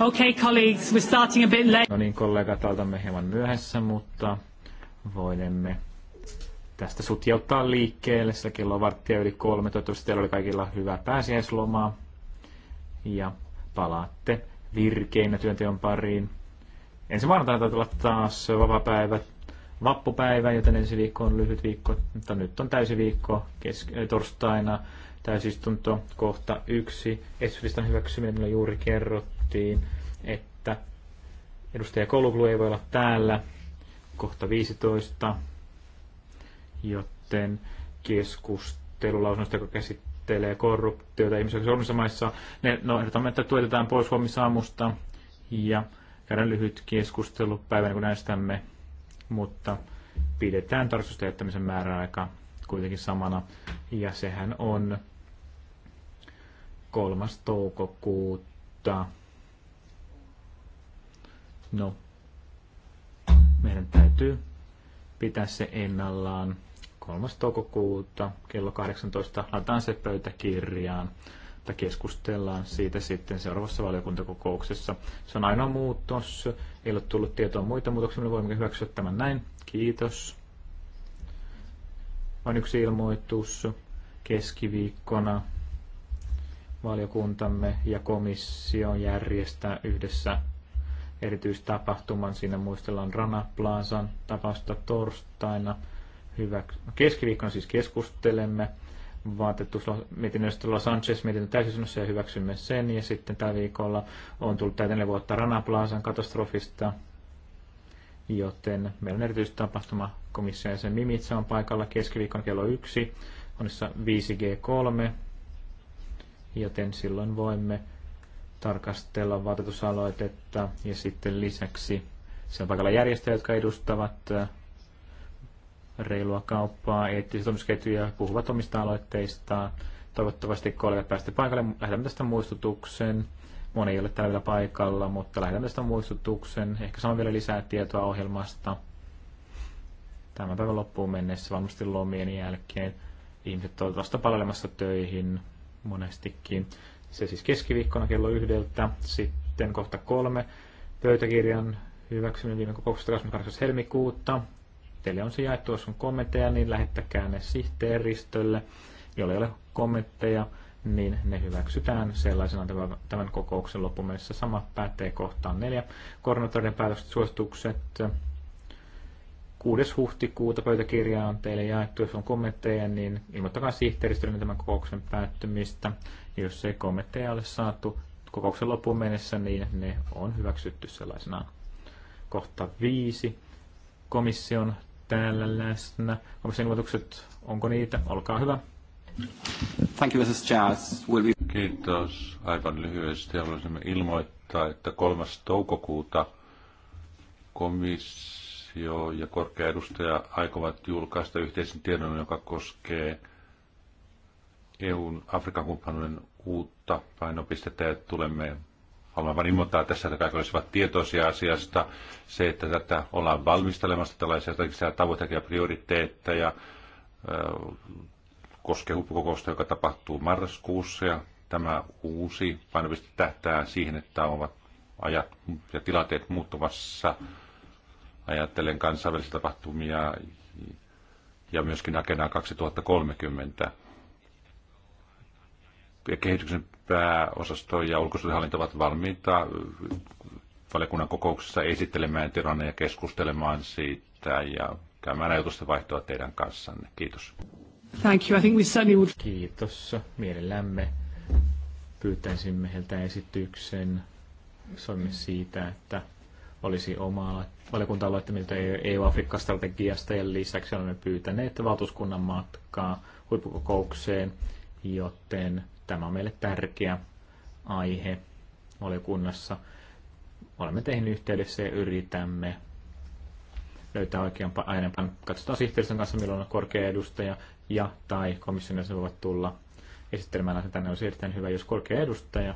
Okay, colleagues, we're starting a bit late. No niin, kollegat, aloitamme hieman myöhässä, mutta voimme tästä sutjauttaa liikkeelle. Sillä kello on varttia yli kolme. Toivottavasti teillä oli kaikilla hyvää pääsiäislomaa. Ja palaatte virkeinä työnteon pariin. Ensi maanantaina taitaa olla taas vapaa päivä vappupäivä, joten ensi viikko on lyhyt viikko, mutta nyt on täysi viikko kesk- eh, torstaina täysistunto kohta yksi. Esfilistan hyväksyminen juuri kerrottiin, että edustaja Koluklu ei voi olla täällä kohta 15, joten keskustelulausunnosta, joka käsittelee korruptiota ihmisoikeuksissa maissa, ne, no ehdotamme, että tuetetaan pois huomisaamusta ja käydään lyhyt keskustelu päivänä, kun äänestämme mutta pidetään tarkastusteettämisen määräaika kuitenkin samana. Ja sehän on 3. toukokuuta. No, meidän täytyy pitää se ennallaan 3. toukokuuta kello 18. Lataan se pöytäkirjaan että keskustellaan siitä sitten seuraavassa valiokuntakokouksessa. Se on ainoa muutos. Ei ole tullut tietoa muita muutoksia, me voimme hyväksyä tämän näin. Kiitos. On yksi ilmoitus keskiviikkona. Valiokuntamme ja komissio järjestää yhdessä erityistapahtuman. Siinä muistellaan Rana Plazan tapausta torstaina. Hyvä. Keskiviikkona siis keskustelemme vaatettu mietinnöstä Los Angeles mietintö täysistunnossa ja hyväksymme sen. Ja sitten tällä viikolla on tullut täyteen vuotta Rana Plazan katastrofista, joten meillä on erityistapahtuma komissio ja sen Mimitsa on paikalla keskiviikon kello yksi, onnissa 5G3, joten silloin voimme tarkastella vaatetusaloitetta ja sitten lisäksi siellä paikalla järjestöjä, jotka edustavat reilua kauppaa, eettisiä toimitusketjuja, puhuvat omista aloitteistaan. Toivottavasti kollegat päästä paikalle. Lähetämme tästä muistutuksen. Moni ei ole täällä paikalla, mutta lähetämme tästä muistutuksen. Ehkä saamme vielä lisää tietoa ohjelmasta. Tämän päivän loppuun mennessä, varmasti lomien jälkeen. Ihmiset ovat vasta palelemassa töihin monestikin. Se siis keskiviikkona kello yhdeltä. Sitten kohta kolme pöytäkirjan hyväksyminen viime kokouksesta 28. helmikuuta. Teille on se jaettu, jos on kommentteja, niin lähettäkää ne sihteeristölle. Jolle ei ole kommentteja, niin ne hyväksytään sellaisena tämän kokouksen loppuun Sama päättee kohtaan neljä. Koordinaattorien päätökset suositukset. 6. huhtikuuta pöytäkirja on teille jaettu. Jos on kommentteja, niin ilmoittakaa sihteeristölle tämän kokouksen päättymistä. Jos ei kommentteja ole saatu kokouksen loppuun mennessä, niin ne on hyväksytty sellaisenaan. Kohta 5. Komission täällä läsnä. Komission ilmoitukset, onko niitä? Olkaa hyvä. Thank you, Mrs. Chair. We'll be... Kiitos. Aivan lyhyesti haluaisimme ilmoittaa, että 3. toukokuuta komissio ja korkea edustaja aikovat julkaista yhteisen tiedon, joka koskee EUn Afrikan kumppanuuden uutta painopistettä ja tulemme Haluan vain ilmoittaa tässä, että kaikki olisivat tietoisia asiasta. Se, että tätä ollaan valmistelemassa tällaisia tavoitteita ja prioriteetteja, koskee huippukokousta, joka tapahtuu marraskuussa. Ja tämä uusi painopiste tähtää siihen, että ovat ajat ja tilanteet muuttumassa. Ajattelen kansainvälisiä tapahtumia ja myöskin Agenda 2030 ja kehityksen pääosasto ja ulkosuhdehallinto ovat valmiita äh, valiokunnan kokouksessa esittelemään tilanne ja keskustelemaan siitä ja käymään ajatusta vaihtoa teidän kanssanne. Kiitos. Thank you. I think we certainly would... Kiitos. Mielellämme pyytäisimme heiltä esityksen. Soimme siitä, että olisi omaa valiokunta aloittamilta EU-Afrikka-strategiasta ja lisäksi olemme pyytäneet valtuuskunnan matkaa huippukokoukseen, joten Tämä on meille tärkeä aihe valiokunnassa. Olemme tehneet yhteydessä ja yritämme löytää oikean aineenpan. Katsotaan sihteeristön kanssa, milloin on korkea edustaja ja tai komission jäsenet voivat tulla esittelemään asian tänne. on erittäin hyvä, jos korkea edustaja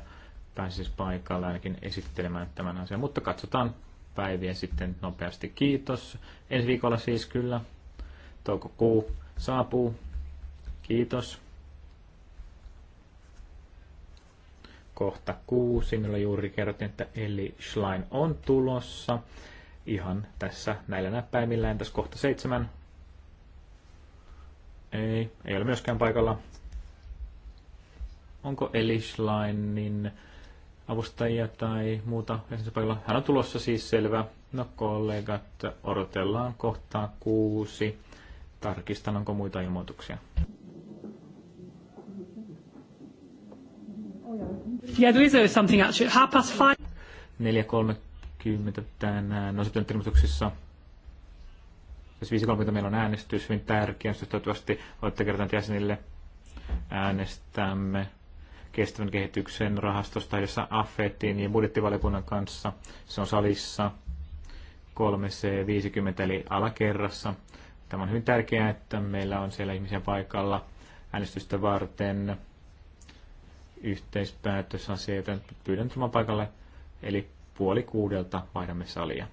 pääsisi paikalle ainakin esittelemään tämän asian. Mutta katsotaan päiviä sitten nopeasti. Kiitos. Ensi viikolla siis kyllä. Toukokuu saapuu. Kiitos. kohta kuusi, millä juuri kerrottiin, että Eli Schlein on tulossa. Ihan tässä näillä näppäimillä. Entäs kohta seitsemän? Ei, ei ole myöskään paikalla. Onko Eli Schleinin avustajia tai muuta paikalla? Hän on tulossa siis selvä. No kollegat, odotellaan kohtaa kuusi. Tarkistan, onko muita ilmoituksia. Yeah, there is there something actually. Half past five. 4.30 tänään. No sitten ilmoituksissa siis 5.30 meillä on äänestys, hyvin tärkeä äänestys. Toivottavasti olette kertoneet jäsenille äänestämme kestävän kehityksen rahastosta jossa AFETin ja budjettivaliokunnan kanssa. Se on salissa 3C50 eli alakerrassa. Tämä on hyvin tärkeää, että meillä on siellä ihmisiä paikalla äänestystä varten yhteispäätösasia, joten pyydän tulemaan paikalle. Eli puoli kuudelta vaihdamme salia.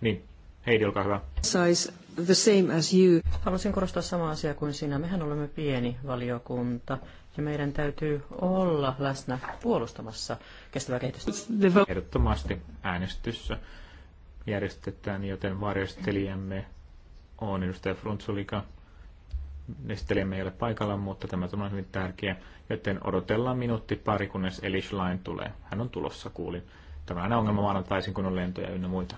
Niin, Heidi, olkaa hyvä. Size the same as you. Haluaisin korostaa samaa asiaa kuin sinä. Mehän olemme pieni valiokunta ja meidän täytyy olla läsnä puolustamassa kestävää kehitystä. Ehdottomasti äänestyssä järjestetään, joten varjostelijamme on edustaja Frunzulika esittelijämme ei ole paikalla, mutta tämä on hyvin tärkeä, joten odotellaan minuutti pari, kunnes Elish Line tulee. Hän on tulossa, kuulin. Tämä on aina ongelma maanantaisin, kun on lentoja ynnä muita.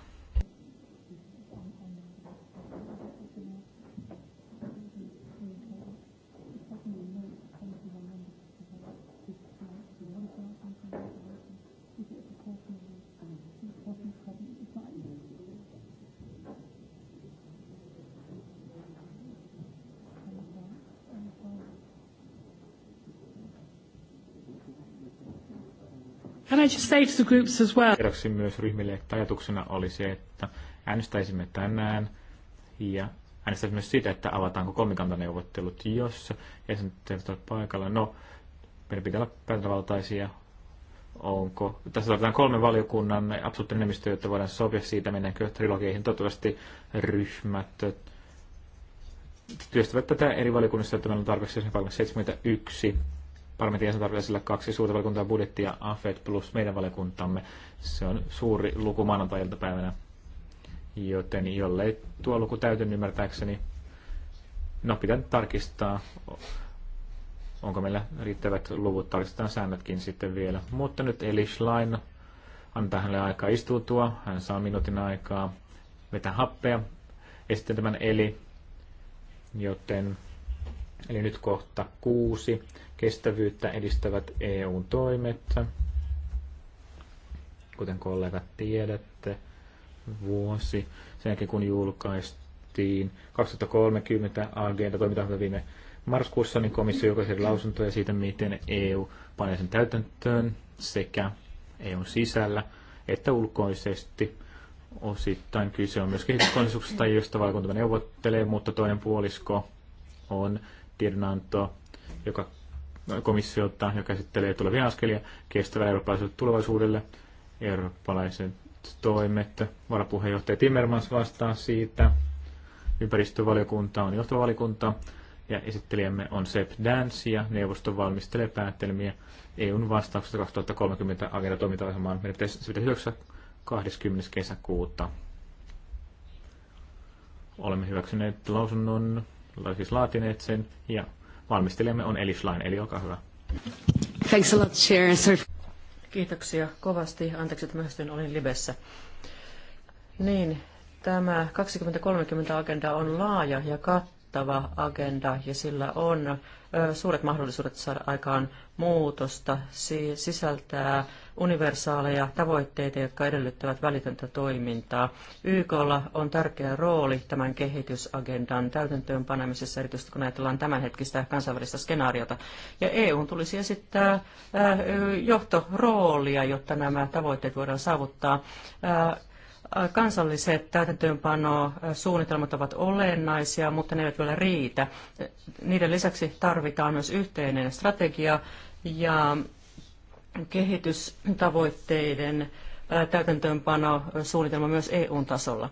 Kerroksin myös ryhmille, että ajatuksena oli se, että äänestäisimme tänään ja äänestäisimme myös sitä, että avataanko kolmikantaneuvottelut, jos jäsenet eivät ole paikalla. No, meidän pitää olla päätävaltaisia. Onko, tässä tarvitaan kolme valiokunnan absoluuttinen enemmistö, jotta voidaan sopia siitä, mennäänkö trilogeihin. Toivottavasti ryhmät työstävät tätä eri valiokunnissa, että meillä on tarpeeksi 71 parlamentin tarvitsee sillä kaksi suurta valiokuntaa budjettia, AFED plus meidän valiokuntamme. Se on suuri luku maanantai-iltapäivänä. Joten jollei tuo luku täytyy ymmärtääkseni, no pitää tarkistaa, onko meillä riittävät luvut, tarkistetaan säännötkin sitten vielä. Mutta nyt Eli Schlein antaa hänelle aikaa istuutua, hän saa minuutin aikaa vetää happea, ja tämän Eli, joten Eli nyt kohta kuusi kestävyyttä edistävät EUn toimet. Kuten kollegat tiedätte, vuosi sen jälkeen kun julkaistiin 2030 agenda toimintaohjelma viime marraskuussa, niin komissio julkaisi lausuntoja siitä, miten EU panee sen täytäntöön sekä EUn sisällä että ulkoisesti. Osittain kyse on myös kehityskonsensuksesta, josta valkuntava neuvottelee, mutta toinen puolisko on tiedonanto, joka Komissiota joka käsittelee tulevia askelia kestävälle eurooppalaiselle tulevaisuudelle, eurooppalaiset toimet. Varapuheenjohtaja Timmermans vastaa siitä. Ympäristövaliokunta on johtovalikunta ja esittelijämme on Sepp Dance ja neuvosto valmistelee päättelmiä EUn vastauksesta 2030 agenda toimintaohjelmaan. Meidän pitäisi 20. kesäkuuta. Olemme hyväksyneet lausunnon, siis laatineet sen ja Valmistelijamme on Eli Schlein. Eli olkaa hyvä. Thanks a lot, Chair. Sorry. Kiitoksia kovasti. Anteeksi, että myöhästyin, olin libessä. Niin, tämä 2030-agenda on laaja ja kattava kattava agenda ja sillä on suuret mahdollisuudet saada aikaan muutosta. Se sisältää universaaleja tavoitteita, jotka edellyttävät välitöntä toimintaa. YKlla on tärkeä rooli tämän kehitysagendan täytäntöönpanemisessa, erityisesti kun ajatellaan tämänhetkistä kansainvälistä skenaariota. Ja EU tulisi esittää johtoroolia, jotta nämä tavoitteet voidaan saavuttaa. Kansalliset täytäntöönpanosuunnitelmat ovat olennaisia, mutta ne eivät vielä riitä. Niiden lisäksi tarvitaan myös yhteinen strategia ja kehitystavoitteiden täytäntöönpanosuunnitelma myös EU-tasolla.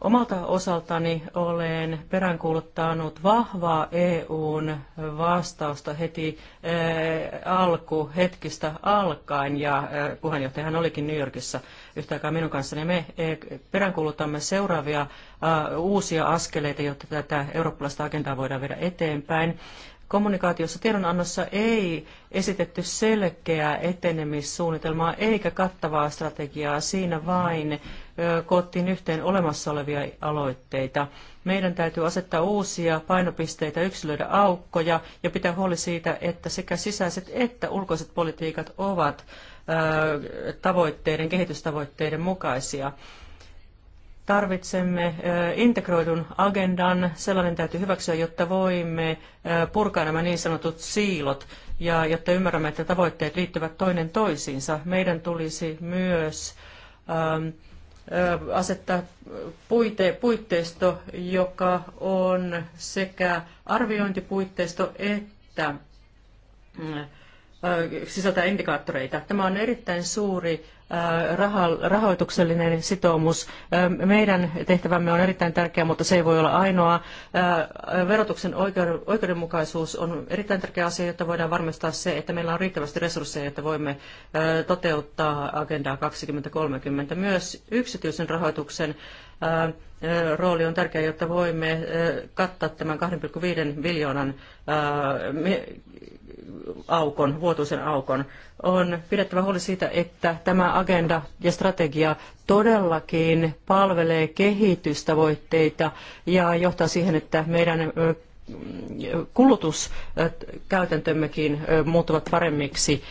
Omalta osaltani olen peräänkuuluttanut vahvaa EUn vastausta heti alkuhetkistä alkaen, ja puheenjohtajahan olikin New Yorkissa – yhtä aikaa minun kanssani. Me eh, peräänkuulutamme seuraavia uusia askeleita, jotta tätä eurooppalaista agendaa voidaan viedä eteenpäin. Kommunikaatiossa tiedonannossa ei esitetty selkeää etenemissuunnitelmaa eikä kattavaa strategiaa. Siinä vain koottiin yhteen olemassa olevia aloitteita. Meidän täytyy asettaa uusia painopisteitä, yksilöidä aukkoja ja pitää huoli siitä, että sekä sisäiset että ulkoiset politiikat ovat tavoitteiden, kehitystavoitteiden mukaisia. Tarvitsemme integroidun agendan, sellainen täytyy hyväksyä, jotta voimme purkaa nämä niin sanotut siilot ja jotta ymmärrämme, että tavoitteet liittyvät toinen toisiinsa. Meidän tulisi myös asettaa puite, puitteisto, joka on sekä arviointipuitteisto että Äh, sisältää indikaattoreita. Tämä on erittäin suuri äh, rahoituksellinen sitoumus. Äh, meidän tehtävämme on erittäin tärkeä, mutta se ei voi olla ainoa. Verotuksen oikeudenmukaisuus on erittäin tärkeä asia, jotta voidaan varmistaa se, että meillä on riittävästi resursseja, jotta voimme toteuttaa Agendaa 2030. Myös yksityisen rahoituksen rooli on tärkeä, jotta voimme kattaa tämän 2,5 miljoonan aukon, vuotuisen aukon. On pidettävä huoli siitä, että tämä agenda ja strategia todellakin palvelee kehitystavoitteita ja johtaa siihen, että meidän kulutuskäytäntömmekin muuttuvat paremmiksi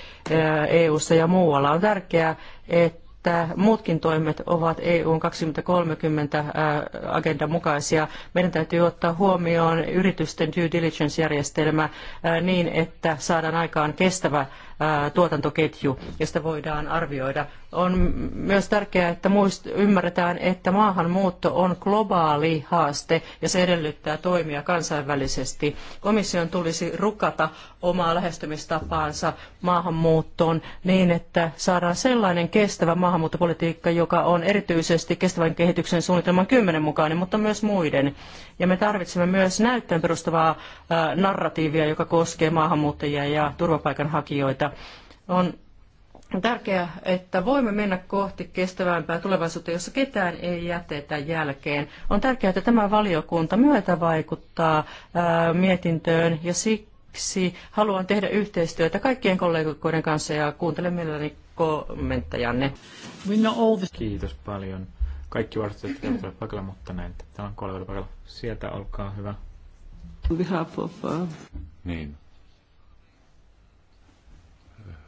EU-ssa ja muualla. On tärkeää, että että muutkin toimet ovat EUn 2030-agendan mukaisia. Meidän täytyy ottaa huomioon yritysten due diligence-järjestelmä niin, että saadaan aikaan kestävä tuotantoketju, josta voidaan arvioida. On myös tärkeää, että muist- ymmärretään, että maahanmuutto on globaali haaste ja se edellyttää toimia kansainvälisesti. Komission tulisi rukata omaa lähestymistapaansa maahanmuuttoon niin, että saadaan sellainen kestävä maahanmuuttopolitiikka, joka on erityisesti kestävän kehityksen suunnitelman kymmenen mukainen, mutta myös muiden ja me tarvitsemme myös näyttöön perustuvaa narratiivia, joka koskee maahanmuuttajia ja turvapaikanhakijoita. On tärkeää, että voimme mennä kohti kestävämpää tulevaisuutta, jossa ketään ei jätetä jälkeen. On tärkeää, että tämä valiokunta myötä vaikuttaa mietintöön ja siksi haluan tehdä yhteistyötä kaikkien kollegoiden kanssa ja kuuntelen mielelläni kommenttejanne. Kiitos paljon. Kaikki varustajat eivät ole paikalla, mutta näin. Tämä on kolme paikalla. Sieltä olkaa hyvä. On behalf of... Uh... Niin.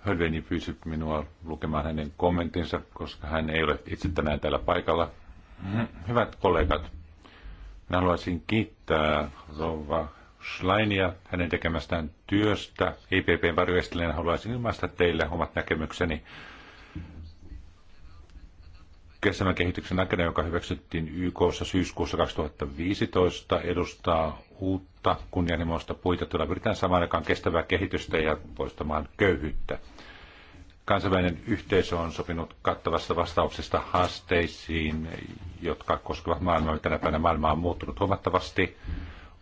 Hölveni pyysi minua lukemaan hänen kommentinsa, koska hän ei ole itse tänään täällä paikalla. Hyvät kollegat, minä haluaisin kiittää Rova Schleinia hänen tekemästään työstä. IPPn e varjoistelijana haluaisin ilmaista teille omat näkemykseni kestävän kehityksen agenda, joka hyväksyttiin YKssa syyskuussa 2015, edustaa uutta kunnianhimoista puita, jolla pyritään samaan aikaan kestävää kehitystä ja poistamaan köyhyyttä. Kansainvälinen yhteisö on sopinut kattavasta vastauksesta haasteisiin, jotka koskevat maailmaa. Tänä päivänä maailma on muuttunut huomattavasti.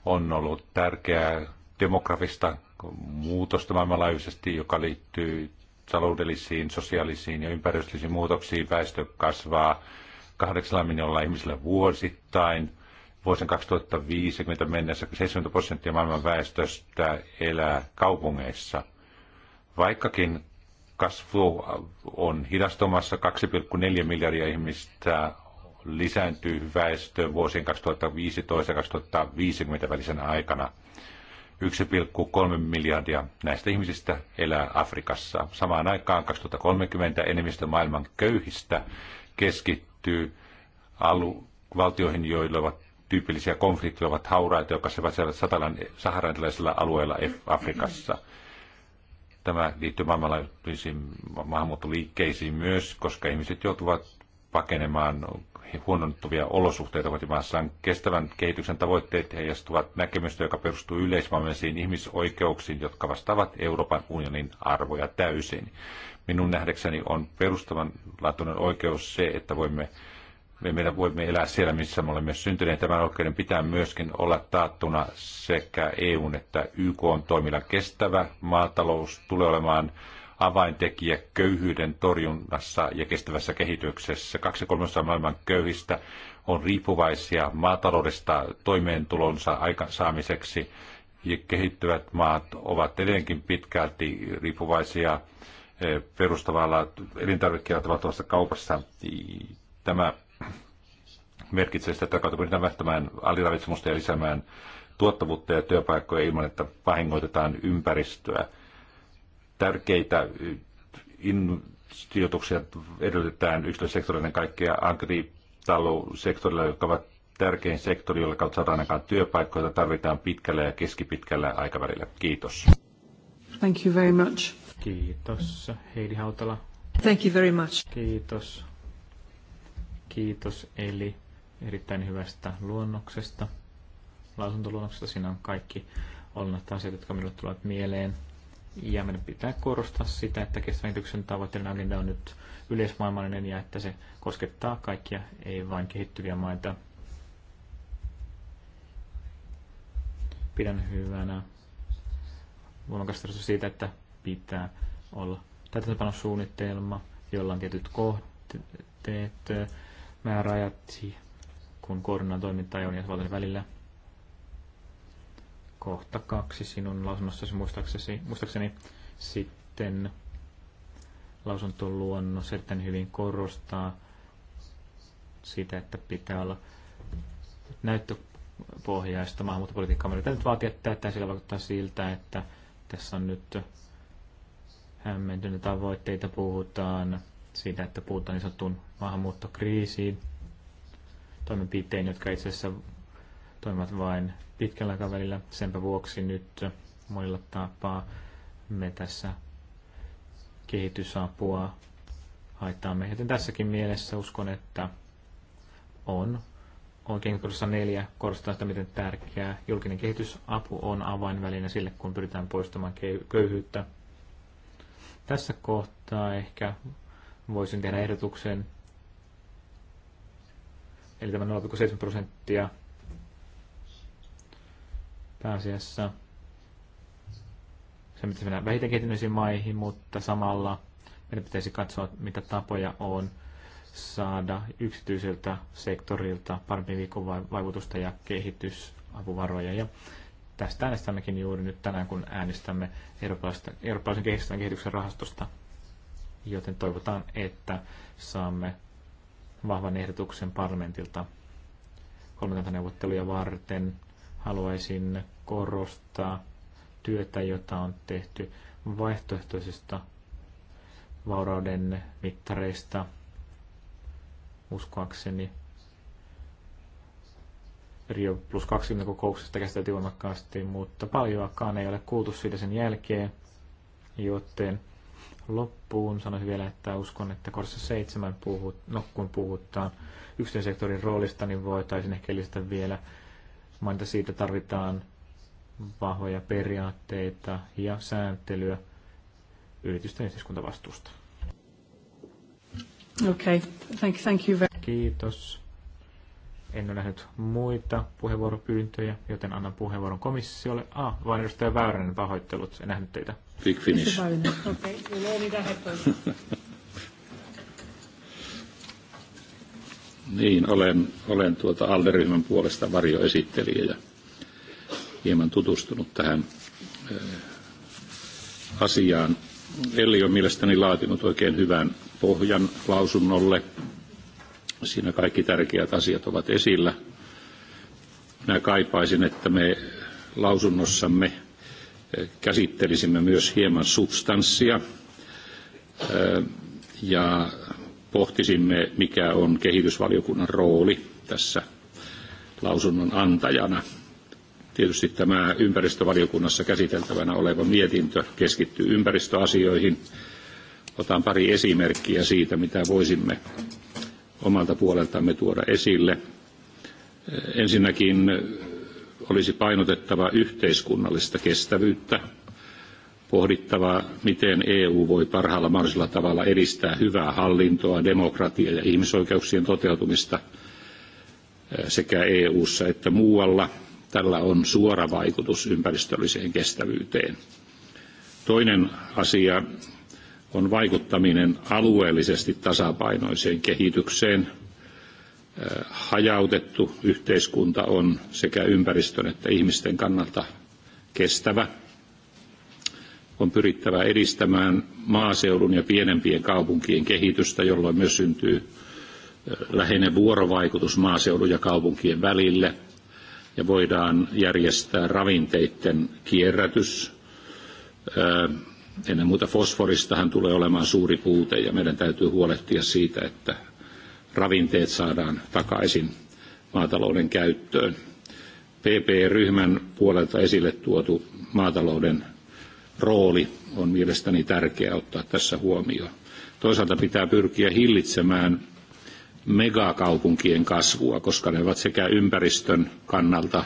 On ollut tärkeää demografista muutosta maailmanlaajuisesti, joka liittyy taloudellisiin, sosiaalisiin ja ympäristöllisiin muutoksiin väestö kasvaa kahdeksalla miljoonalla ihmisellä vuosittain. Vuosien 2050 mennessä 70 prosenttia maailman väestöstä elää kaupungeissa. Vaikkakin kasvu on hidastumassa, 2,4 miljardia ihmistä lisääntyy väestö vuosien 2015 ja 2050 välisenä aikana. 1,3 miljardia näistä ihmisistä elää Afrikassa. Samaan aikaan 2030 enemmistö maailman köyhistä keskittyy alu- valtioihin, joilla ovat tyypillisiä konflikteja, ovat hauraita, jotka satalan saharanilaisilla alueella Afrikassa. Tämä liittyy maailmanlaajuisiin maahanmuuttoliikkeisiin myös, koska ihmiset joutuvat pakenemaan huonontuvia olosuhteita kotimaassaan. Kestävän kehityksen tavoitteet heijastuvat näkemystä, joka perustuu yleismaailmallisiin ihmisoikeuksiin, jotka vastaavat Euroopan unionin arvoja täysin. Minun nähdäkseni on perustavanlaatuinen oikeus se, että voimme meillä meidän voimme elää siellä, missä me olemme syntyneet. Tämän oikeuden pitää myöskin olla taattuna sekä EUn että YK on toimilla kestävä. Maatalous tulee olemaan avaintekijä köyhyyden torjunnassa ja kestävässä kehityksessä. Kaksi kolmessa maailman köyhistä on riippuvaisia maataloudesta toimeentulonsa aikaansaamiseksi ja kehittyvät maat ovat edelleenkin pitkälti riippuvaisia eh, perustavalla elintarvikkeita tapahtuvassa kaupassa. Tämä merkitsee sitä, että kautta pyritään välttämään aliravitsemusta ja lisäämään tuottavuutta ja työpaikkoja ilman, että vahingoitetaan ympäristöä tärkeitä sijoituksia eh, edellytetään yksityissektorilla kaikkea agritalousektorilla, jotka ovat tärkein sektori, jolla kautta saadaan ainakaan työpaikkoja, tarvitaan pitkällä ja keskipitkällä aikavälillä. Kiitos. Thank you very much. Kiitos. Heidi Hautala. Thank you very much. Kiitos. Kiitos Eli erittäin hyvästä luonnoksesta, lausuntoluonnoksesta. Siinä on kaikki olennaiset asiat, jotka minulle tulevat mieleen ja meidän pitää korostaa sitä, että kestävän tavoitteena tavoitteiden agenda on nyt yleismaailmallinen ja että se koskettaa kaikkia, ei vain kehittyviä maita. Pidän hyvänä voimakasta siitä, että pitää olla täytäntöpanosuunnitelma, jolla on tietyt kohteet, määräajat, kun koordinaan toimintaa ja on välillä – kohta kaksi sinun lausunnossasi muistaakseni, muistaakseni sitten lausuntoluonnos sitten hyvin korostaa sitä, että pitää olla näyttöpohjaista maahanmuuttopolitiikkaa. Meidän täytyy vaatia tätä, sillä vaikuttaa siltä, että tässä on nyt hämmentynyt tavoitteita, puhutaan siitä, että puhutaan niin sanottuun maahanmuuttokriisiin, toimenpiteen, jotka itse asiassa toimivat vain pitkällä aikavälillä. Senpä vuoksi nyt monilla tapaa me tässä kehitysapua haittaamme. Joten tässäkin mielessä uskon, että on oikein kohdassa neljä korostaa sitä, miten tärkeää julkinen kehitysapu on avainväline sille, kun pyritään poistamaan köyhyyttä. Tässä kohtaa ehkä voisin tehdä ehdotuksen, eli tämä 0,7 prosenttia pääasiassa se mitä mennään vähiten kehittyneisiin maihin, mutta samalla meidän pitäisi katsoa, mitä tapoja on saada yksityisiltä sektorilta parempi vaikutusta ja kehitysapuvaroja. Ja tästä äänestämmekin juuri nyt tänään, kun äänestämme eurooppalaisen kehitysten kehityksen rahastosta. Joten toivotaan, että saamme vahvan ehdotuksen parlamentilta kolmikantaneuvotteluja varten. Haluaisin korostaa työtä, jota on tehty vaihtoehtoisista vaurauden mittareista. Uskoakseni Rio plus 20 kokouksesta käsiteltiin voimakkaasti, mutta paljoakaan ei ole kuultu siitä sen jälkeen, joten loppuun sanoisin vielä, että uskon, että kohdassa 7 puhut, no, kun puhutaan yksityisen sektorin roolista, niin voitaisiin ehkä lisätä vielä mainita siitä, tarvitaan vahvoja periaatteita ja sääntelyä yritysten yhteiskuntavastuusta. Okay. Thank, thank you very... Kiitos. En ole nähnyt muita puheenvuoropyyntöjä, joten annan puheenvuoron komissiolle. Ah, vain edustaja Väyränen pahoittelut. En nähnyt teitä. Big finish. okay. niin, olen, olen tuota Alderyhmän puolesta varjoesittelijä hieman tutustunut tähän eh, asiaan. Elli on mielestäni laatinut oikein hyvän pohjan lausunnolle. Siinä kaikki tärkeät asiat ovat esillä. Minä kaipaisin, että me lausunnossamme eh, käsittelisimme myös hieman substanssia eh, ja pohtisimme, mikä on kehitysvaliokunnan rooli tässä lausunnon antajana – Tietysti tämä ympäristövaliokunnassa käsiteltävänä oleva mietintö keskittyy ympäristöasioihin. Otan pari esimerkkiä siitä, mitä voisimme omalta puoleltamme tuoda esille. Ensinnäkin olisi painotettava yhteiskunnallista kestävyyttä, pohdittava, miten EU voi parhaalla mahdollisella tavalla edistää hyvää hallintoa, demokratiaa ja ihmisoikeuksien toteutumista sekä EU:ssa että muualla – Tällä on suora vaikutus ympäristölliseen kestävyyteen. Toinen asia on vaikuttaminen alueellisesti tasapainoiseen kehitykseen. Äh, hajautettu yhteiskunta on sekä ympäristön että ihmisten kannalta kestävä. On pyrittävä edistämään maaseudun ja pienempien kaupunkien kehitystä, jolloin myös syntyy äh, läheinen vuorovaikutus maaseudun ja kaupunkien välille – ja voidaan järjestää ravinteiden kierrätys. Ennen muuta fosforistahan tulee olemaan suuri puute ja meidän täytyy huolehtia siitä, että ravinteet saadaan takaisin maatalouden käyttöön. PP-ryhmän puolelta esille tuotu maatalouden rooli on mielestäni tärkeää ottaa tässä huomioon. Toisaalta pitää pyrkiä hillitsemään megakaupunkien kasvua, koska ne ovat sekä ympäristön kannalta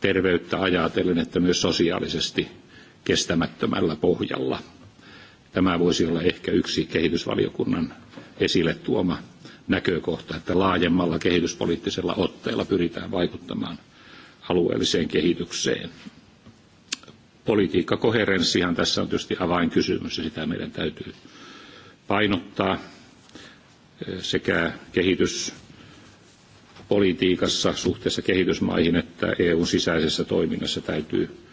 terveyttä ajatellen että myös sosiaalisesti kestämättömällä pohjalla. Tämä voisi olla ehkä yksi kehitysvaliokunnan esille tuoma näkökohta, että laajemmalla kehityspoliittisella otteella pyritään vaikuttamaan alueelliseen kehitykseen. Politiikkakoherenssihan tässä on tietysti avainkysymys ja sitä meidän täytyy painottaa sekä kehityspolitiikassa suhteessa kehitysmaihin että EUn sisäisessä toiminnassa täytyy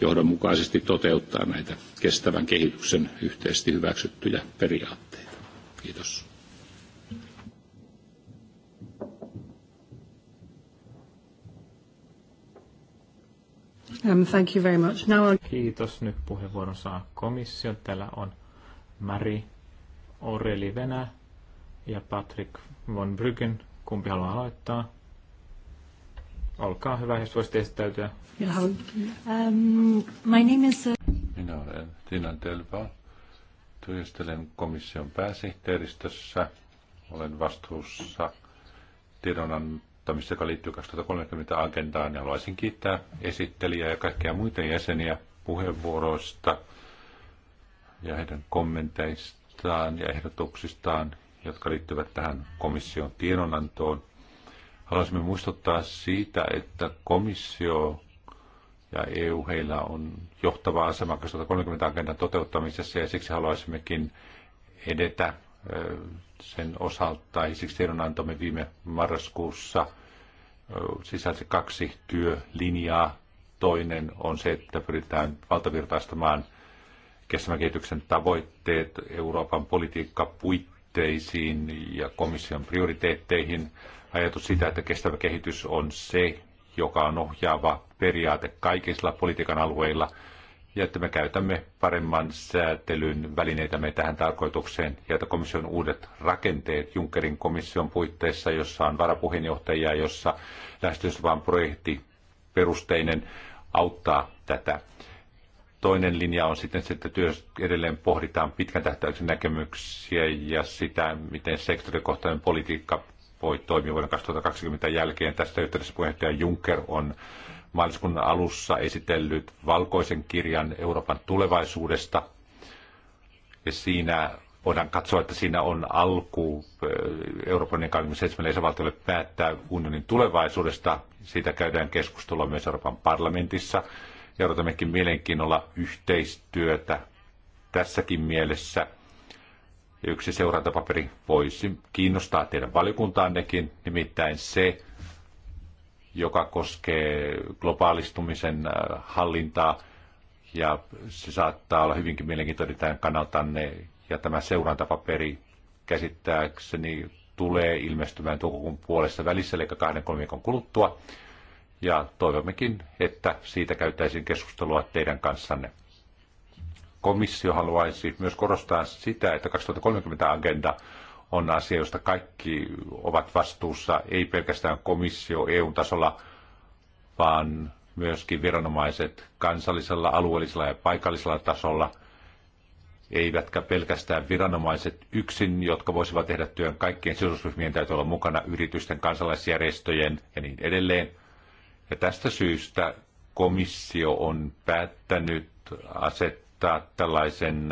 johdonmukaisesti toteuttaa näitä kestävän kehityksen yhteisesti hyväksyttyjä periaatteita. Kiitos. Um, thank you very much. Now Kiitos. Nyt puheenvuoron saa komissio. Täällä on Mari Oreli Venä ja Patrick von Bryggen. Kumpi haluaa aloittaa? Olkaa hyvä, jos voisit esittäytyä. Um, my name is... Uh, Minä olen Tina Delva. Työstelen komission pääsihteeristössä. Olen vastuussa tiedonantamista, joka liittyy 2030 agendaan. Ja haluaisin kiittää esittelijää ja kaikkia muita jäseniä puheenvuoroista ja heidän kommenteistaan ja ehdotuksistaan jotka liittyvät tähän komission tiedonantoon. Haluaisimme muistuttaa siitä, että komissio ja EU heillä on johtava asema 2030 agendan toteuttamisessa ja siksi haluaisimmekin edetä sen osalta. Ja siksi tiedonantomme viime marraskuussa sisälsi kaksi työlinjaa. Toinen on se, että pyritään valtavirtaistamaan kestävän kehityksen tavoitteet, Euroopan politiikka, puitteissa tavoitteisiin ja komission prioriteetteihin. Ajatus sitä, että kestävä kehitys on se, joka on ohjaava periaate kaikilla politiikan alueilla, ja että me käytämme paremman säätelyn välineitä me tähän tarkoitukseen, ja että komission uudet rakenteet Junckerin komission puitteissa, jossa on varapuheenjohtajia, jossa lähestymisvapaan projekti perusteinen auttaa tätä toinen linja on sitten se, että työs edelleen pohditaan pitkän tähtäyksen näkemyksiä ja sitä, miten sektorikohtainen politiikka voi toimia vuoden 2020 jälkeen. Tästä yhteydessä puheenjohtaja Juncker on maaliskuun alussa esitellyt valkoisen kirjan Euroopan tulevaisuudesta. Ja siinä voidaan katsoa, että siinä on alku Euroopan 27 jäsenvaltiolle päättää unionin tulevaisuudesta. Siitä käydään keskustelua myös Euroopan parlamentissa ja odotammekin mielenkiinnolla yhteistyötä tässäkin mielessä. Yksi seurantapaperi voisi kiinnostaa teidän valiokuntaannekin, nimittäin se, joka koskee globaalistumisen äh, hallintaa, ja se saattaa olla hyvinkin mielenkiintoinen tämän kannaltanne, ja tämä seurantapaperi käsittääkseni tulee ilmestymään toukokuun puolessa välissä, eli kahden kolmen viikon kuluttua ja toivommekin, että siitä käytäisiin keskustelua teidän kanssanne. Komissio haluaisi myös korostaa sitä, että 2030-agenda on asia, josta kaikki ovat vastuussa, ei pelkästään komissio EU-tasolla, vaan myöskin viranomaiset kansallisella, alueellisella ja paikallisella tasolla, eivätkä pelkästään viranomaiset yksin, jotka voisivat tehdä työn kaikkien sidosryhmien täytyy olla mukana, yritysten, kansalaisjärjestöjen ja niin edelleen. Ja tästä syystä komissio on päättänyt asettaa tällaisen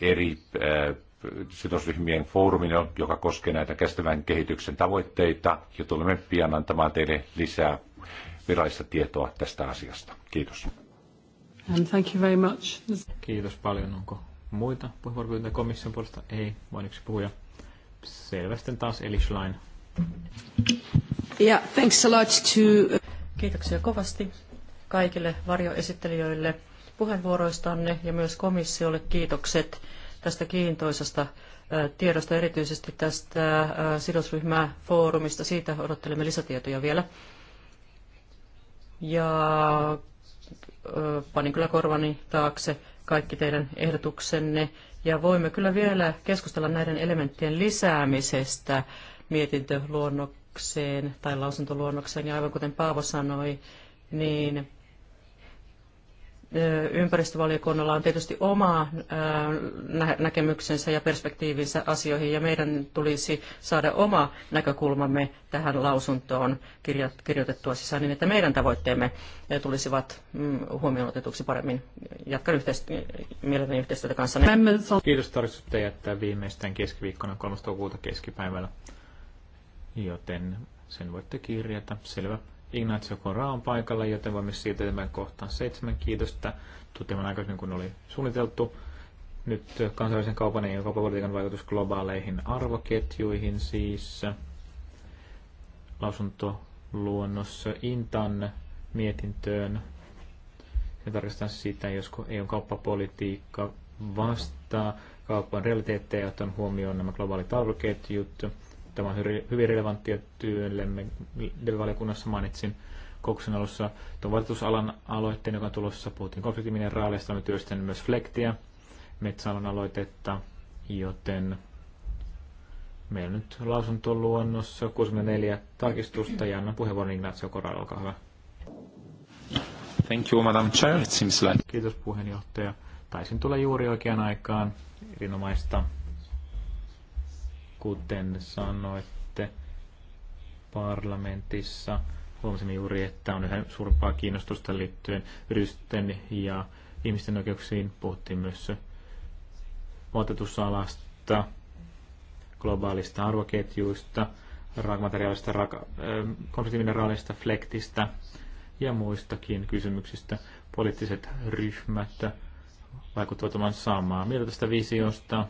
eri sidosryhmien foorumin, joka koskee näitä kestävän kehityksen tavoitteita, ja tulemme pian antamaan teille lisää virallista tietoa tästä asiasta. Kiitos. And thank you very much. Kiitos paljon. Onko muita puheenvuoropyyntöjä komission puolesta? Ei, vain yksi puhuja. Selvästi taas Eli Schlein. Yeah, thanks a lot to... Kiitoksia kovasti kaikille varjoesittelijöille puheenvuoroistanne ja myös komissiolle kiitokset tästä kiintoisasta tiedosta, erityisesti tästä sidosryhmäfoorumista. Siitä odottelemme lisätietoja vielä. Ja panin kyllä korvani taakse kaikki teidän ehdotuksenne. Ja voimme kyllä vielä keskustella näiden elementtien lisäämisestä mietintöluonnokseen esitykseen tai lausuntoluonnokseen, ja aivan kuten Paavo sanoi, niin ympäristövaliokunnalla on tietysti oma näkemyksensä ja perspektiivinsä asioihin, ja meidän tulisi saada oma näkökulmamme tähän lausuntoon kirjoitettua sisään, niin että meidän tavoitteemme tulisivat mm, huomioon otetuksi paremmin. Jatkan yhteist- mielelläni yhteistyötä kanssanne. Kiitos tarvitsette jättää viimeistään keskiviikkona 3. toukokuuta keskipäivällä joten sen voitte kirjata. Selvä. Ignacio Kora on paikalla, joten voimme siirtyä tämän kohtaan seitsemän. Kiitos, että tuteman aikaisemmin kun oli suunniteltu. Nyt kansainvälisen kaupan ja kauppapolitiikan vaikutus globaaleihin arvoketjuihin siis. luonnos Intan mietintöön. Ja tarkastetaan sitä, josko EUn kauppapolitiikka vastaa kaupan realiteetteja ottaen huomioon nämä globaalit arvoketjut Tämä on hyvin relevanttia työllemme. valiokunnassa mainitsin kokouksen alussa tuon valitusalan aloitteen, joka on tulossa. Puhuttiin konfliktimineraaleista, me työstän myös flektiä, metsäalan aloitetta, joten meillä on luonnossa 64 tarkistusta ja annan puheenvuoron Ignacio Koral, olkaa hyvä. Thank you, Madam Chair. It seems like... Kiitos puheenjohtaja. Taisin tulla juuri oikeaan aikaan. Erinomaista kuten sanoitte parlamentissa, huomasimme juuri, että on yhä suurempaa kiinnostusta liittyen yritysten ja ihmisten oikeuksiin. Puhuttiin myös vaatetusalasta, globaalista arvoketjuista, raakamateriaalista, raaka, konfliktimineraalista, flektistä ja muistakin kysymyksistä. Poliittiset ryhmät vaikuttavat oman samaa mieltä tästä visiosta.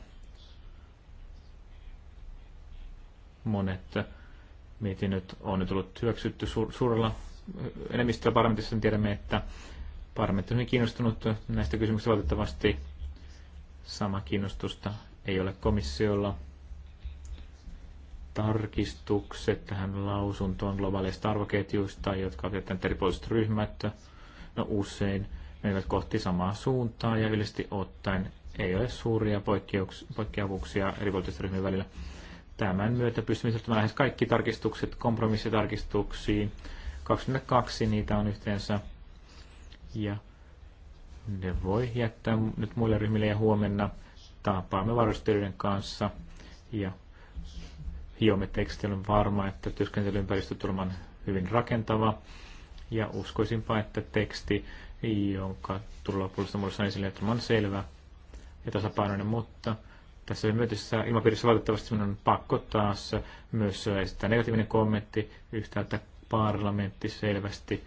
Monet mietinnöt on nyt ollut hyväksytty su- suurella enemmistöllä parlamentissa. Tiedämme, että parlamentti on kiinnostunut näistä kysymyksistä valitettavasti. Sama kiinnostusta ei ole komissiolla. Tarkistukset tähän lausuntoon globaaleista arvoketjuista, jotka ovat jättäneet ryhmät. No usein menevät kohti samaa suuntaa ja yleisesti ottaen ei ole suuria poikkeavuuksia eri ryhmien välillä. Tämän myötä pystymme sisältämään lähes kaikki tarkistukset kompromissitarkistuksiin. 22 niitä on yhteensä. Ja ne voi jättää nyt muille ryhmille ja huomenna tapaamme varustelijoiden kanssa ja hiomme tekstillä on varma, että työskentelyympäristö on hyvin rakentava ja uskoisinpa, että teksti, jonka tulee lopullista muodossa esille, että on selvä ja tasapainoinen, mutta tässä myönteisessä ilmapiirissä valitettavasti on pakko taas myös esittää negatiivinen kommentti yhtäältä parlamentti selvästi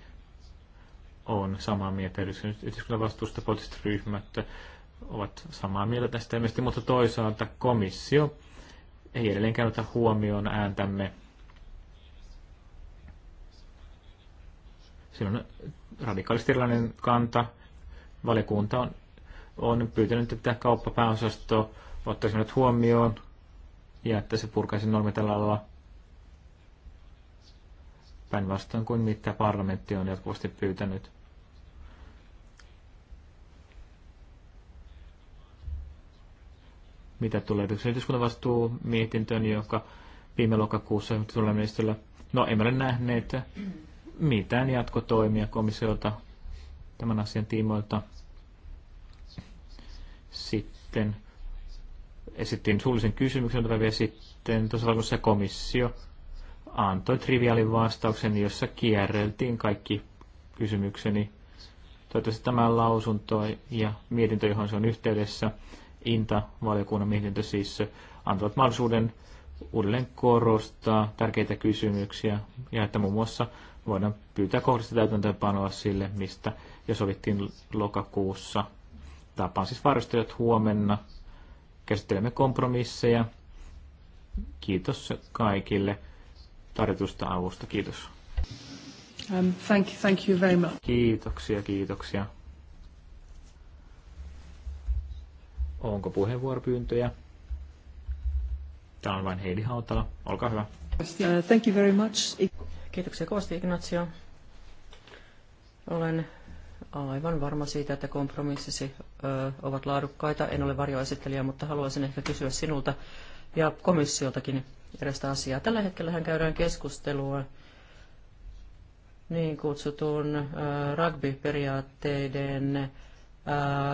on samaa mieltä. Yhteiskunnan vastuusta poliittiset ryhmät ovat samaa mieltä tästä ilmeisesti, mutta toisaalta komissio ei edelleenkään ota huomioon ääntämme. on radikaalisti erilainen kanta. Valiokunta on, on pyytänyt, että kauppapääosasto ottaisimme nyt huomioon ja että se purkaisi normit tällä päinvastoin kuin mitä parlamentti on jatkuvasti pyytänyt. Mitä tulee yhdyskunnan vastuu mietintöön, joka viime lokakuussa tulee ministeriöllä. No, emme ole nähneet mitään jatkotoimia komissiolta tämän asian tiimoilta. Sitten esittiin suullisen kysymyksen vielä sitten tuossa se komissio antoi triviaalin vastauksen, jossa kierreltiin kaikki kysymykseni. Toivottavasti tämä lausunto ja mietintö, johon se on yhteydessä, INTA-valiokunnan mietintö siis, antavat mahdollisuuden uudelleen korostaa tärkeitä kysymyksiä ja että muun muassa voidaan pyytää kohdista täytäntöönpanoa sille, mistä jo sovittiin lokakuussa. Tapaan siis varustajat huomenna käsittelemme kompromisseja. Kiitos kaikille tarjotusta avusta. Kiitos. Um, thank, you, thank you very much. Kiitoksia, kiitoksia. Onko puheenvuoropyyntöjä? Täällä on vain Heidi Hautala. Olkaa hyvä. Uh, thank you very much. Kiitoksia kovasti, Ignacio. Olen aivan varma siitä, että kompromissisi ovat laadukkaita. En ole varjoesittelijä, mutta haluaisin ehkä kysyä sinulta ja komissioltakin edestä asiaa. Tällä hetkellä käydään keskustelua niin kutsutun rugby-periaatteiden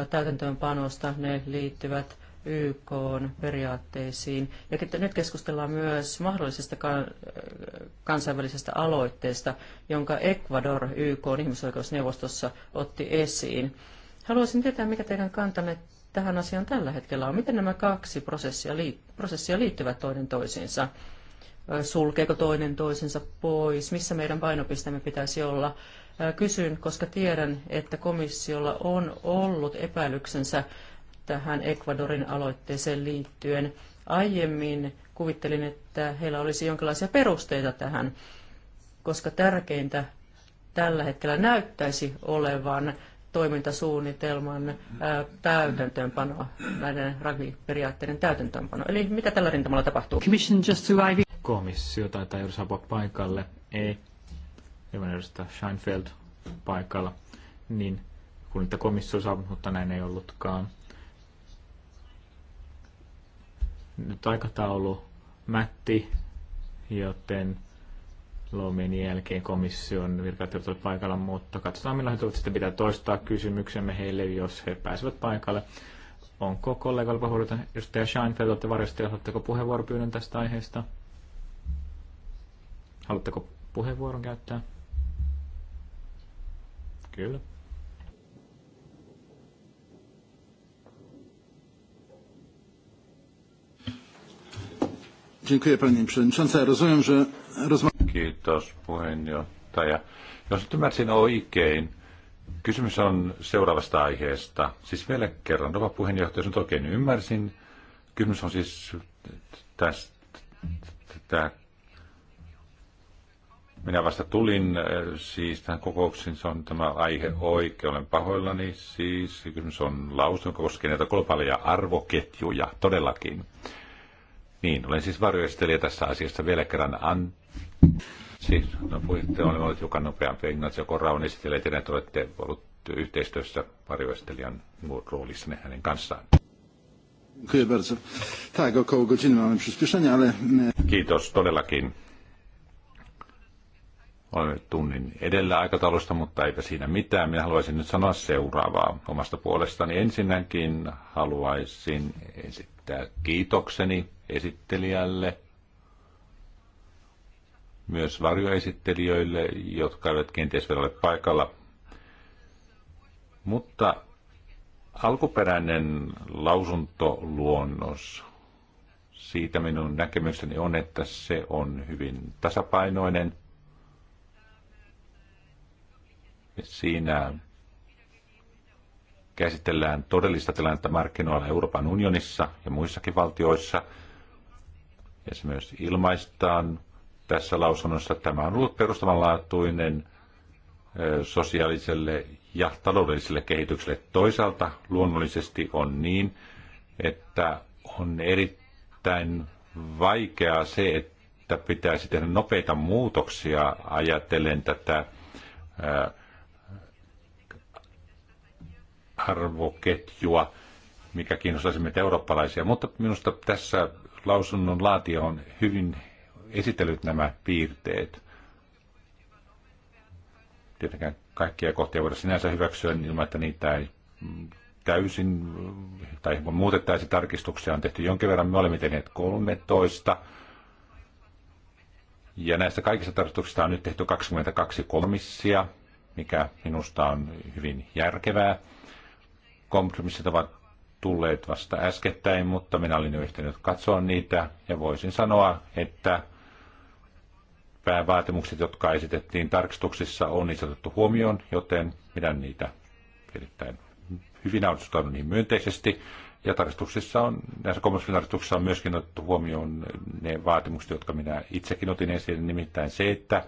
täytäntöönpanosta. Ne liittyvät YK periaatteisiin. Ja nyt keskustellaan myös mahdollisesta kansainvälisestä aloitteesta, jonka Ecuador YK ihmisoikeusneuvostossa otti esiin. Haluaisin tietää, mikä teidän kantanne tähän asiaan tällä hetkellä on. Miten nämä kaksi prosessia, prosessia liittyvät toinen toisiinsa? Sulkeeko toinen toisensa pois? Missä meidän painopisteemme pitäisi olla? Kysyn, koska tiedän, että komissiolla on ollut epäilyksensä tähän Ecuadorin aloitteeseen liittyen. Aiemmin kuvittelin, että heillä olisi jonkinlaisia perusteita tähän, koska tärkeintä tällä hetkellä näyttäisi olevan toimintasuunnitelman täytäntöönpano, näiden rugby-periaatteiden täytäntöönpano. Eli mitä tällä rintamalla tapahtuu? Commission just arriving. Komissio taitaa juuri saapua paikalle. Ei. Hyvän edustaja Scheinfeld paikalla. Niin, kun niitä komissio saapunut, mutta näin ei ollutkaan. nyt aikataulu mätti, joten Lomin jälkeen komission virkailijat ovat paikalla, mutta katsotaan millä he tulevat sitten pitää toistaa kysymyksemme heille, jos he pääsevät paikalle. Onko kollegalla puheenvuoro, jos te Scheinfeld olette varjostajia, haluatteko puheenvuoropyynnön tästä aiheesta? Haluatteko puheenvuoron käyttää? Kyllä. Dziękuję Rozumiem, że... Kiitos puheenjohtaja. Jos nyt ymmärsin oikein, kysymys on seuraavasta aiheesta. Siis vielä kerran, rouva puheenjohtaja, jos nyt oikein ymmärsin, kysymys on siis tästä, tästä minä vasta tulin siis tähän kokouksiin, se on tämä aihe oikein, olen pahoillani siis. Kysymys on lausunto, koskee näitä globaaleja arvoketjuja todellakin. Niin, olen siis varjoistelija tässä asiassa vielä kerran. An... Siis, no puhutte, olen ollut hiukan nopeampi. Ignacio Korra on esittelee, että olette olleet yhteistyössä varjoistelijan roolissanne hänen kanssaan. Kiitos todellakin. Olemme tunnin edellä aikataulusta, mutta eipä siinä mitään. Minä haluaisin nyt sanoa seuraavaa omasta puolestani. Ensinnäkin haluaisin esittää esittää kiitokseni esittelijälle, myös varjoesittelijöille, jotka eivät kenties vielä ole paikalla. Mutta alkuperäinen lausuntoluonnos, siitä minun näkemykseni on, että se on hyvin tasapainoinen. Siinä käsitellään todellista tilannetta markkinoilla Euroopan unionissa ja muissakin valtioissa. Ja se myös ilmaistaan tässä lausunnossa. Tämä on ollut perustavanlaatuinen sosiaaliselle ja taloudelliselle kehitykselle. Toisaalta luonnollisesti on niin, että on erittäin vaikeaa se, että pitäisi tehdä nopeita muutoksia ajatellen tätä ää, arvoketjua, mikä kiinnostaisi meitä eurooppalaisia. Mutta minusta tässä lausunnon laatia on hyvin esitellyt nämä piirteet. Tietenkään kaikkia kohtia voidaan sinänsä hyväksyä niin ilman, että niitä ei täysin tai muutettaisiin tarkistuksia. On tehty jonkin verran, me olemme tehneet 13. Ja näistä kaikista tarkistuksista on nyt tehty 22 komissia, mikä minusta on hyvin järkevää. Kompromissit ovat tulleet vasta äskettäin, mutta minä olin jo yhtynyt katsoa niitä ja voisin sanoa, että päävaatimukset, jotka esitettiin tarkistuksissa, on niissä otettu huomioon, joten pidän niitä erittäin hyvin on niin myönteisesti. Ja tarkistuksissa on, näissä kompromissitarkistuksissa on myöskin otettu huomioon ne vaatimukset, jotka minä itsekin otin esiin, nimittäin se, että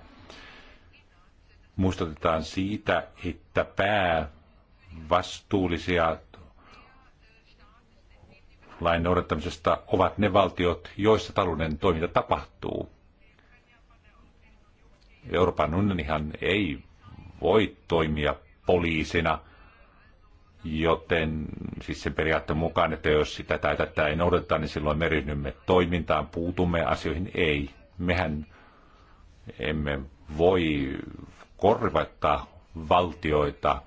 muistutetaan siitä, että pää vastuullisia lain noudattamisesta ovat ne valtiot, joissa talouden toiminta tapahtuu. Euroopan unionihan ei voi toimia poliisina, joten siis sen periaatteen mukaan, että jos sitä tai tätä ei noudateta, niin silloin me ryhdymme toimintaan, puutumme asioihin, ei. Mehän emme voi korvata valtioita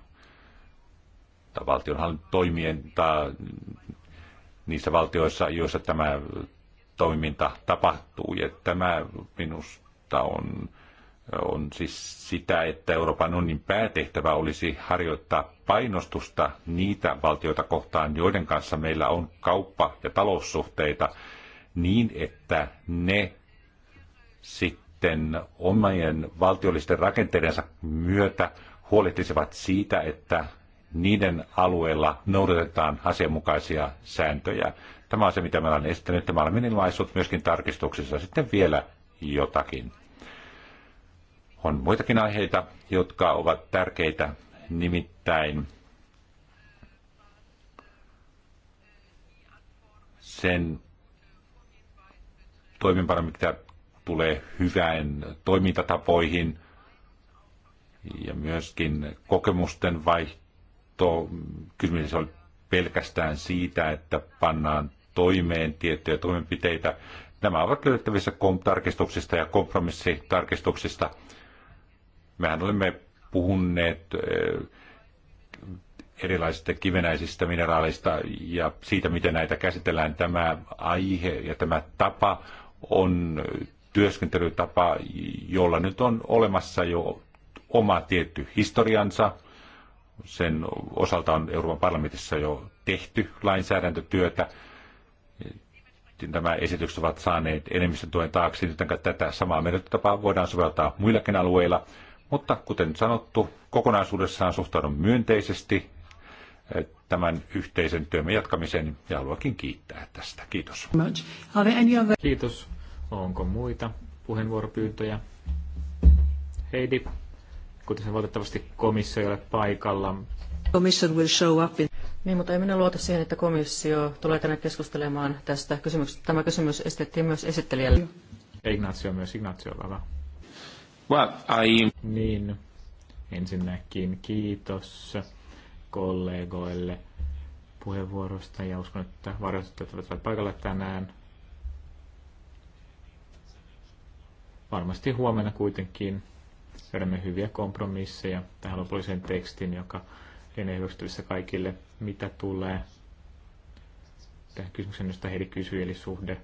tai valtionhallinnon toimien tai niissä valtioissa, joissa tämä toiminta tapahtuu. Ja tämä minusta on, on siis sitä, että Euroopan unionin päätehtävä olisi harjoittaa painostusta niitä valtioita kohtaan, joiden kanssa meillä on kauppa- ja taloussuhteita, niin että ne sitten omien valtiollisten rakenteidensa myötä huolehtisivat siitä, että niiden alueella noudatetaan asianmukaisia sääntöjä. Tämä on se, mitä mä olen esittänyt. Tämä on ilmaissut myöskin tarkistuksissa sitten vielä jotakin. On muitakin aiheita, jotka ovat tärkeitä, nimittäin sen toimenpano, mitä tulee hyvään toimintatapoihin ja myöskin kokemusten vaihtoehtoihin to, kysymys oli pelkästään siitä, että pannaan toimeen tiettyjä toimenpiteitä. Nämä ovat löydettävissä tarkistuksista ja kompromissitarkistuksista. Mehän olemme puhuneet eh, erilaisista kivenäisistä mineraaleista ja siitä, miten näitä käsitellään. Tämä aihe ja tämä tapa on työskentelytapa, jolla nyt on olemassa jo oma tietty historiansa – sen osalta on Euroopan parlamentissa jo tehty lainsäädäntötyötä. Nämä esitykset ovat saaneet enemmistön tuen taakse, joten tätä samaa menettelytapaa voidaan soveltaa muillakin alueilla. Mutta kuten sanottu, kokonaisuudessaan suhtaudun myönteisesti eh, tämän yhteisen työmme jatkamisen ja haluakin kiittää tästä. Kiitos. Kiitos. Onko muita puheenvuoropyyntöjä? Heidi kuten valitettavasti komissio ei ole paikalla. Commission will show up in... Niin, mutta ei minä luota siihen, että komissio tulee tänne keskustelemaan tästä kysymyksestä. Tämä kysymys esitettiin myös esittelijälle. Ignacio myös, Ignacio, hyvä. Well, I... Niin, ensinnäkin kiitos kollegoille puheenvuorosta ja uskon, että varjoitettajat ovat paikalla tänään. Varmasti huomenna kuitenkin löydämme hyviä kompromisseja tähän lopulliseen tekstiin, joka lienee hyväksyttävissä kaikille, mitä tulee tähän kysymykseen, josta Heidi kysyi, eli suhde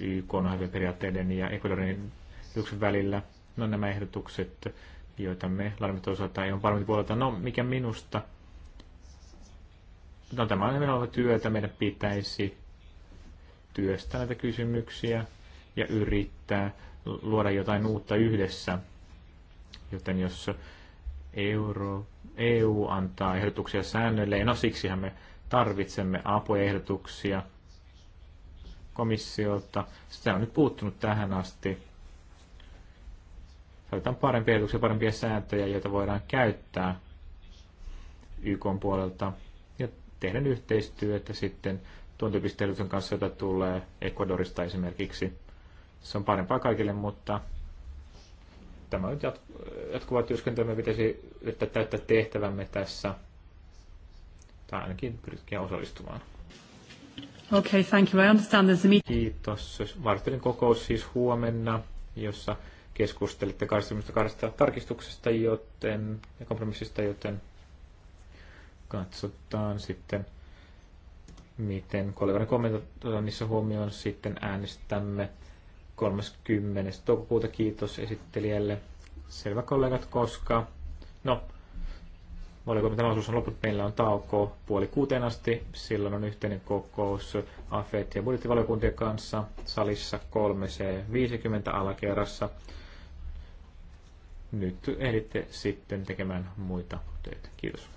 YK periaatteiden ja Ecuadorin yksin välillä. No nämä ehdotukset, joita me laadimme osalta ei on varmasti puolelta. No mikä minusta? No tämä on työ, työtä, meidän pitäisi työstää näitä kysymyksiä ja yrittää luoda jotain uutta yhdessä Joten jos euro, EU antaa ehdotuksia säännöille, no siksihän me tarvitsemme apuehdotuksia komissiolta. Sitä on nyt puuttunut tähän asti. Tarvitaan parempia ehdotuksia, parempia sääntöjä, joita voidaan käyttää YK puolelta ja tehdä yhteistyötä sitten tuon kanssa, jota tulee Ecuadorista esimerkiksi. Se on parempaa kaikille, mutta tämä nyt jatkuva työskentely, me pitäisi yrittää täyttää tehtävämme tässä, tai ainakin pyrkiä osallistumaan. Okay, thank you. I understand there's a meeting. Kiitos. Vartelin kokous siis huomenna, jossa keskustelitte 22 tarkistuksesta joten, ja kompromissista, joten katsotaan sitten, miten kollegani kommentoidaan niissä huomioon sitten äänestämme 30. toukokuuta. Kiitos esittelijälle. Selvä kollegat, koska... No, tämä osuus on loput. Meillä on tauko puoli kuuteen asti. Silloin on yhteinen kokous AFET ja budjettivaliokuntien kanssa salissa 3C50 alakerrassa. Nyt ehditte sitten tekemään muita töitä. Kiitos.